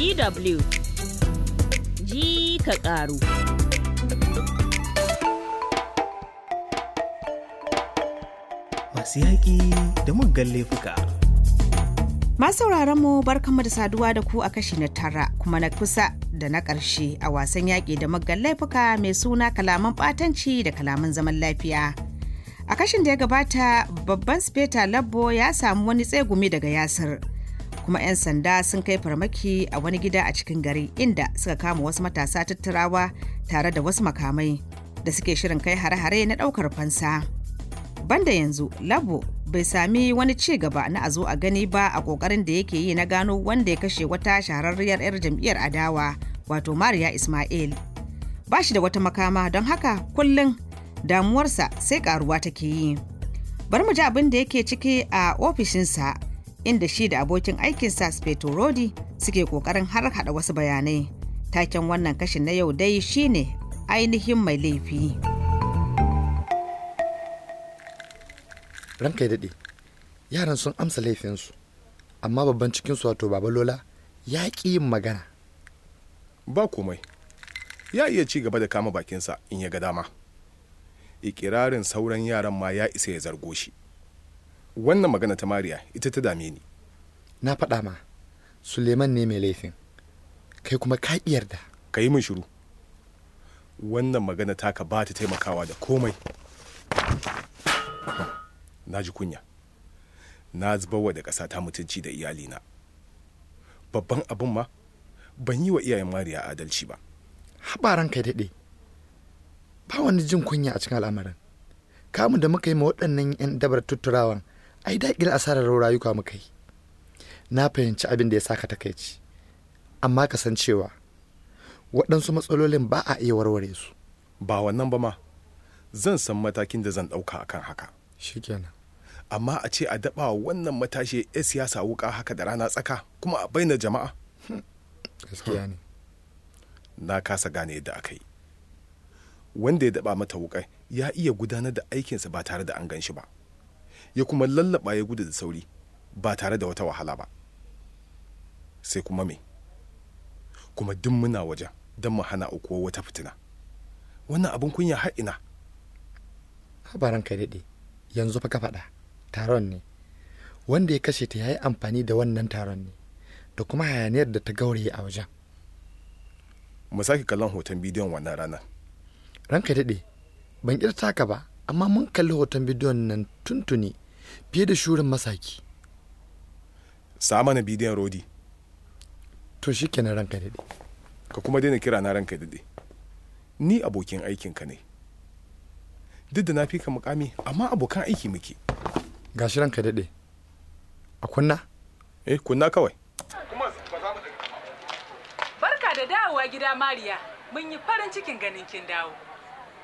DW ji ka ƙaru. Masu yaƙi da muggan laifuka. Masu mu barkanmu da saduwa da ku a kashi na tara kuma na kusa da na ƙarshe a wasan yaƙi da muggan laifuka mai suna kalaman ɓatanci da kalaman zaman lafiya. A kashin da ya gabata babban speta labbo ya samu wani tsegumi daga yasir kuma 'yan sanda sun kai farmaki a wani gida a cikin gari inda suka kama wasu matasa tattarawa tare da wasu makamai da suke shirin kai hare-hare na ɗaukar fansa. Banda yanzu, Labo bai sami wani ci gaba na azu a gani ba a kokarin da yake yi na gano wanda ya kashe wata shahararriyar 'yar jam'iyyar adawa wato Mariya Ismail. Ba shi da wata makama don haka kullum damuwarsa sai karuwa take yi. Bari mu ji abin da yake ciki a ofishinsa inda shi da abokin aikinsa Speto Rodi suke kokarin har hada wasu bayanai. Taken wannan kashin na yau dai shine ainihin mai laifi. Ranka kai daɗe, yaran sun amsa laifinsu, amma babban cikinsu wato Babalola ya ƙi yin magana. Ba komai, ya iya ci gaba da kama bakinsa in ya ga dama. Ikirarin sauran yaran ma ya isa ya zargo shi. wannan magana ta mariya ita ta dame ni na faɗa ma suleiman ne mai laifin kai kuma ka yarda ka yi min shiru wannan magana taka ba ta taimakawa da komai na ji kunya na zubarwa da ƙasa ta mutunci da iyalina babban abin ma ban yi wa iyayen mariya adalci ba habaran kai daɗe ba wani jin kunya a cikin al'amarin kamun da muka yi ma waɗannan 'yan dabar tutturawan ai daƙil asarar rayuka muka yi na fahimci abin da ya saka takaici amma ka san cewa waɗansu matsalolin ba a iya warware su ba wannan ba ma zan san matakin da zan ɗauka akan haka shikenan amma a ce a daɓa wannan matashi ya siyasa wuka haka da rana tsaka kuma a baina jama'a gaskiya ne hmm. na kasa gane yadda aka yi wanda ya daɓa mata wuƙai ya iya gudanar da aikinsa ba tare da an gan shi ba ya kuma lallaba ya gudu da sauri ba tare da wata wahala ba sai kuma me kuma duk muna wajen don mu hana uku wata fitina wannan abin kunya har ina habaran kai daɗe yanzu fa ka faɗa taron ne wanda ya kashe ta ya yi amfani da wannan taron ne da kuma hayaniyar da ta gauraye a wajen mu sake kallon hoton bidiyon wannan ranar ranka daɗe ban ƙirta ba amma mun kalli hoton bidiyon nan tuntuni fiye da shurin masaki samana bidiyon rodi to shi kenan ranka daɗe ka kuma daina kira na ranka daɗe ni abokin aikinka ne duk da na fi ka mukami amma abokan aiki muke gashi ranka daɗe a kunna eh kunna kawai barka da dawowa gida mariya mun yi farin cikin ganin kin dawo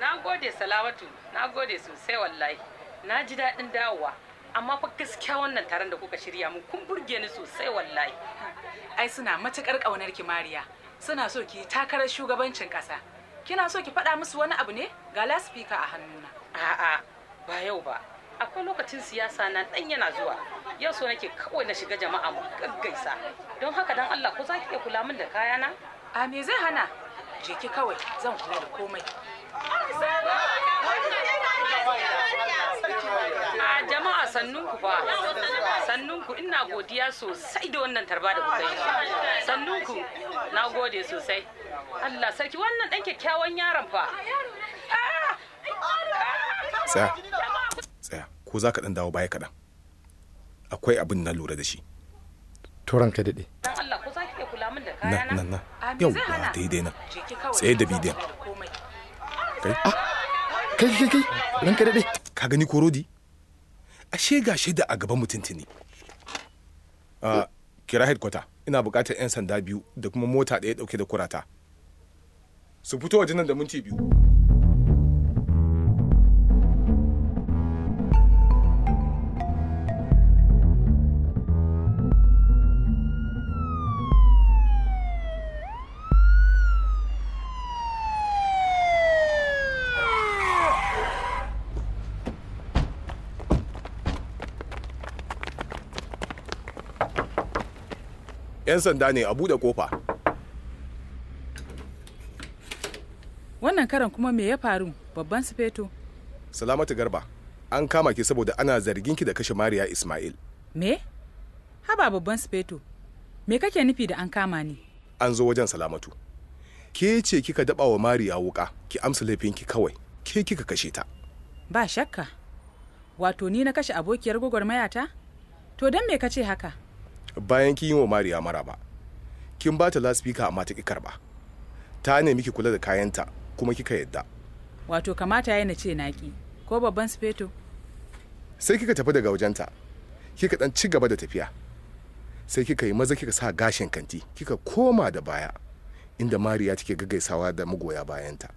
na gode salawatu na gode sosai wallahi na ji daɗin dawowa amma fa gaskiya wannan taron da kuka shirya mun kun burge ni sosai wallahi ai suna matakar ƙaunar ki mariya suna so ki takarar shugabancin ƙasa kina so ki faɗa musu wani abu ne ga laspika a hannuna a'a ba yau ba akwai lokacin siyasa na ɗan yana zuwa yau so nake kawai na shiga jama'a mu gaggaisa don haka dan Allah ko za ki iya kula min da kayana a me zai hana je ki kawai zan kula da komai jama'a sannunku fa sannunku ina godiya sosai da wannan tarba da kuka yi sannunku na gode sosai Allah sarki wannan ɗan kyakkyawan yaron fa tsaya tsaya ko za ka ɗan dawo baya kaɗan akwai abin na lura da shi turan ka daɗe na na na yau ba daidai nan tsaye da bidiyon Ah, kai kai kai kai nan ka dade ka gani korodi ashe ga shaida a gaban mutum tuni ah, kira headquarter ina bukatar 'yan sanda biyu da kuma mota ɗaya ɗauke da kurata su fito waje nan da minti biyu 'yan sanda ne a bude kofa wannan karan kuma me ya faru babban sufeto salamatu garba an kama ki saboda ana zargin ki da kashe mariya ismail me haba babban sufeto me kake nufi da an kama ni an zo wajen salamatu ke ce kika daba wa mariya wuka ki amsa laifinki kawai ke kika kashe ta ba shakka wato ni na kashe abokiyar gwagwarmayata to don me ka ce haka bayan kin yi wa mariya ba kin ba ta laspika amma ta ki karba ta nemi miki kula da kayanta kuma kika yadda wato kamata yana ce naki ko babban sifeto sai kika tafi daga wajenta kika dan ci gaba da tafiya sai kika yi maza kika sa gashin kanti kika koma da baya inda mariya take gaggaisawa da magoya bayanta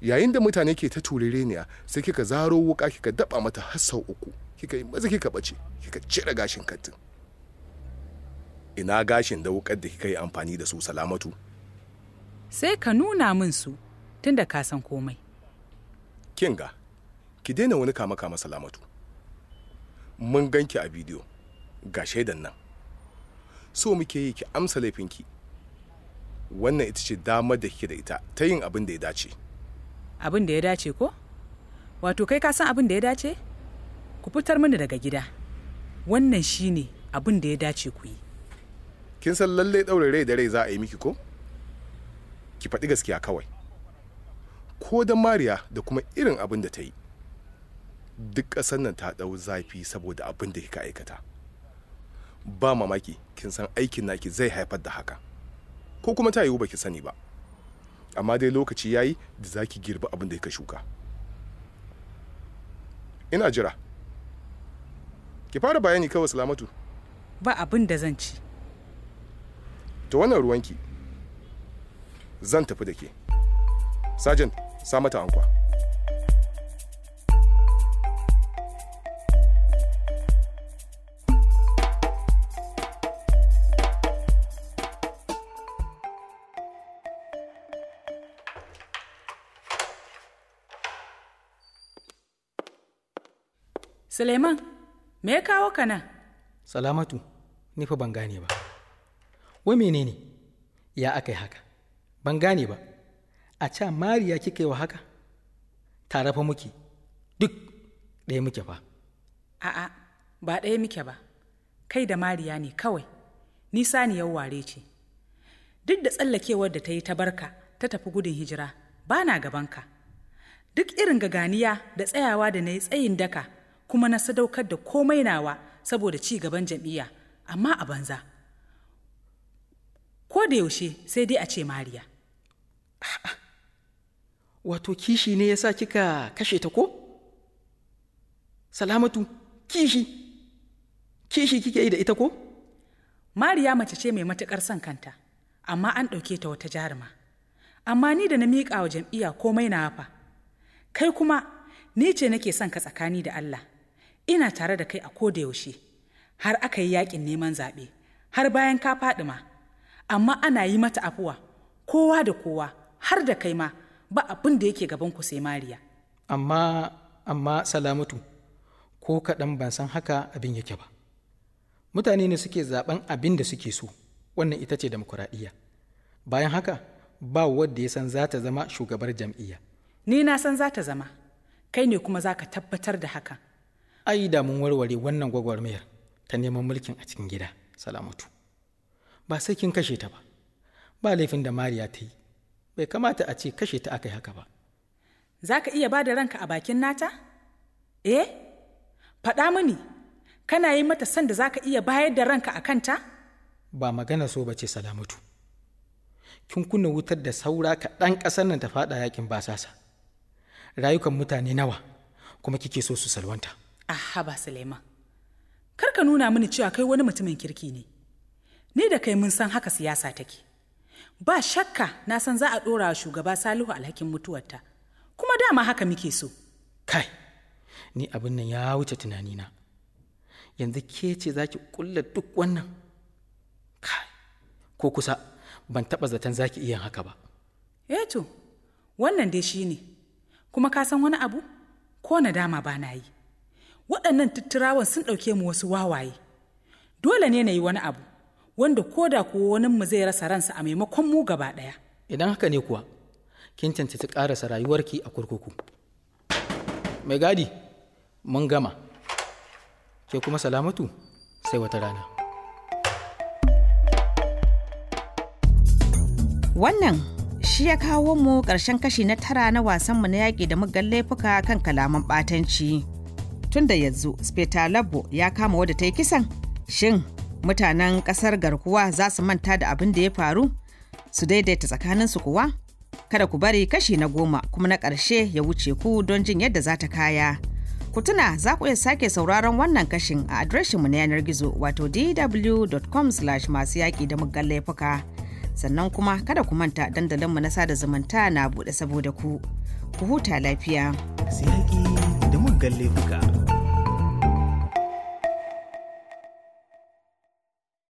yayin da mutane ke ta turereniya sai kika zaro wuka kika daba mata har sau uku kika yi maza kika bace kika cire gashin kantin ina gashin da wukar da kika yi amfani da su salamatu sai ka nuna min su tunda ka san komai kinga ki daina wani kama kama salamatu mun ganki a bidiyo ga shaidan nan so muke yi ki amsa laifinki wannan ita ce damar da kike da ita ta yin abin da ya dace abin da ya dace ko wato kai ka san abin da ya dace ku fitar mini daga gida wannan shine abin da ya dace ku yi kin san lallai ɗaure rai da rai za a yi miki ko ki faɗi gaskiya kawai ko da mariya da kuma irin abin da ta yi duk ƙasar nan ta ɗau zafi saboda abin da kika aikata ba mamaki kin san aikin naki zai haifar da haka ko kuma ta yiwu ba ki sani ba amma dai lokaci ya yi da za ki girbi abin da kika shuka ina jira ki fara bayani kawai salamatu ba abin da zan ci Ta wannan ruwanki zan tafi da ke sajin sa mata ankwa Suleiman, me ya kawo ka nan? Salamatu, nifa ban gane ba. wai menene ya aka yi haka ban gane ba a mariya kika yi wa haka tare fa muke duk ɗaya muke fa a'a ba ɗaya muke ba kai da mariya ne kawai ni saniyar ware ce duk da tsallakewar da ta yi ta barka ta tafi gudun hijira ba na gabanka duk irin gaganiya da tsayawa da na yi tsayin daka kuma na sadaukar da komai nawa saboda ci gaban jam'iyya amma a banza ko da yaushe sai dai a ce mariya wato kishi ne yasa kika kashe ta ko salamatu kishi kishi kike yi da ita ko mariya mace ce mai matuƙar son kanta amma an ɗauke ta wata jaruma amma ni da na miƙa wa jam'iyya komai na hafa kai kuma ni ce nake son ka tsakani da allah ina tare da kai a koda yaushe har aka yi yaƙin neman zaɓe har bayan ka faɗi ma amma ana yi mata afuwa kowa da kowa har da kai ma ba abin da yake gaban ku sai mariya amma amma salamatu ko kaɗan ban san haka abin yake ba mutane ne suke zaben abin da suke so wannan ita ce demokuraɗiyya bayan haka ba wadda ya san za ta zama shugabar jam'iyya ni na san za ta zama kai ne kuma za ka tabbatar da haka. ai da mun warware wannan gwagwarmayar ta neman mulkin a cikin gida salamatu ba sai kin kashe ta ba ba laifin da mariya ta yi bai kamata a ce kashe ta aka yi haka ba za ka iya ba da ranka a bakin nata eh faɗa mini kana yi mata sanda za ka iya bayar da ranka a kanta ba magana so ba ce salamatu kin kunna wutar da saura kaɗan ƙasar nan ta faɗa yakin basasa rayukan mutane nawa kuma kike so su salwanta aha ba suleiman kar ka nuna mini cewa kai wani mutumin kirki ne ni da kai mun san haka siyasa take ba shakka na san za a ɗora shugaba salihu alhakin mutuwarta kuma dama haka muke so kai ni abin nan ya wuce tunanina yanzu ke ce za ki kulla duk wannan kai ko kusa ban taba zaton za ki iya haka ba eto eh wannan dai shi ne kuma ka san wani abu ko dama ba na yi waɗannan tutturawan sun ɗauke mu wasu wawaye dole ne na yi wani abu wanda ko da kuwa wani mu zai rasa ransa a maimakon mu gaba ɗaya. Idan haka ne kuwa, kin cancanci ƙarasa rayuwarki a kurkuku. Mai gadi, mun gama. Ke kuma salamatu sai wata rana. Wannan shi ya kawo mu ƙarshen kashi na tara na wasan mu na yaƙi da muggan laifuka kan kalaman ɓatanci. tunda da yanzu, Spetalabo ya kama wadda ta yi kisan, shin mutanen ƙasar garkuwa za su manta da abin da ya faru su daidaita tsakaninsu kuwa kada ku bari kashi na goma kuma na ƙarshe ya wuce ku don jin yadda za ta kaya ku tuna za ku iya sake sauraron wannan kashin a adireshinmu na yanar gizo wato dw.com masu yaƙi da muggan laifuka sannan kuma kada ku manta dandalinmu na sada zumunta na buɗe saboda ku ku huta lafiya. Sai da muggan laifuka.